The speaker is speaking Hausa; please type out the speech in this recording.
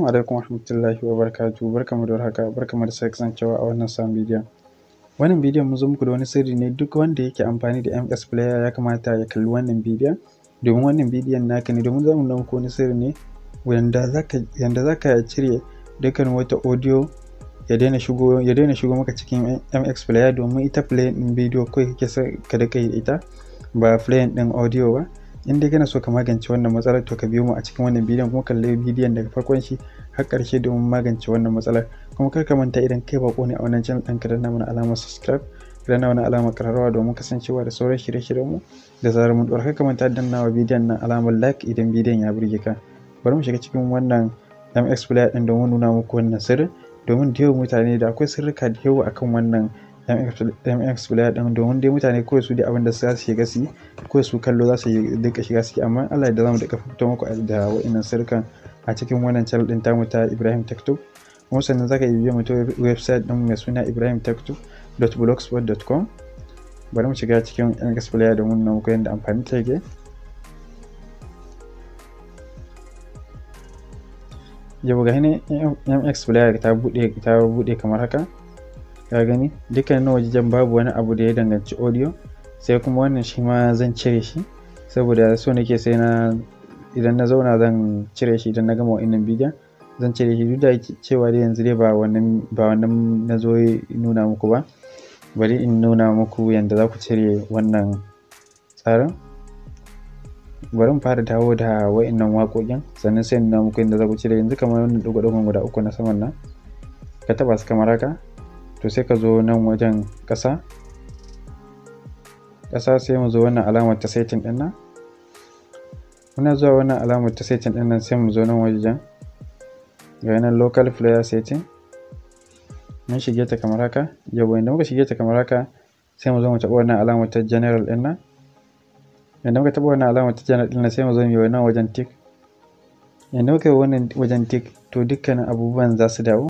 Assalamu alaikum warahmatullahi wabarakatuh barkamu da warhaka barkamu da sake kasancewa a wannan sabon bidiyo Wannan bidiyon mu zo muku da wani sirri ne duk wanda yake amfani da MS Player ya kamata ya kalli wannan bidiyon domin wannan bidiyon naka ne domin zamu nuna muku wani sirri ne wanda zaka yanda zaka cire dukkan wata audio ya daina shigo ya daina shigo maka cikin MX Player domin ita play din bidiyo kai kake ka dake ita ba play din audio ba. in dai kana so ka magance wannan matsalar to ka biyo mu a cikin wannan bidiyon kuma kalli bidiyon daga farkon shi har ƙarshe domin magance wannan matsalar kuma kar ka manta idan kai bako ne a wannan channel ɗin ka danna mana alamar subscribe ka danna mana alamar ƙararrawa domin kasancewa da sauran shirye-shiryen mu da zarar mun ɗora kar ka manta danna wa bidiyon nan alamar like idan bidiyon ya burge ka bari mu shiga cikin wannan MX Player ɗin domin nuna muku wannan sirrin domin da yawan mutane da akwai sirrika da yawa akan wannan mx player din domin dai mutane kawai su da abin da za su shiga su kawai su kallo za su duka shiga su amma Allah da zamu duka fito muku da wa'annan sirkan a cikin wannan channel din tamu ta Ibrahim Taktuk kuma sannan zaka yi biyo mutu website din mai suna ibrahimtaktuk.blogspot.com bari mu shiga cikin mx player da na muku yadda amfani ta yake yau ga ne mx player ta bude ta bude kamar haka ka gani dukkanin wajen babu wani abu da ya danganci audio sai kuma wannan shi ma zan cire shi saboda so nake sai na idan na zauna zan cire shi idan na gama wa'innan bidiyon zan cire shi duk da cewa dai yanzu dai ba wannan ba wannan na zo nuna muku ba bari in nuna muku yadda za ku cire wannan tsarin bari mu fara dawo da wa'innan waƙoƙin sannan sai nuna muku yadda za ku cire yanzu kamar wannan dogo dogon guda uku na saman nan ka taba su kamar haka to sai ka zo nan wajen ƙasa ƙasa sai mu zo wannan alamar ta setting ɗin nan muna zuwa wannan alamar ta setting ɗin nan sai mu zo nan wajen ga nan local player setting mun shige ta kamar haka yau idan muka shige ta kamar haka sai mu zo mu taɓa wannan alamar ta general ɗin nan idan muka taɓa wannan alamar ta general ɗin nan sai mu zo mu yi wannan wajen tick idan muka yi wannan wajen tick to dukkanin abubuwan za su dawo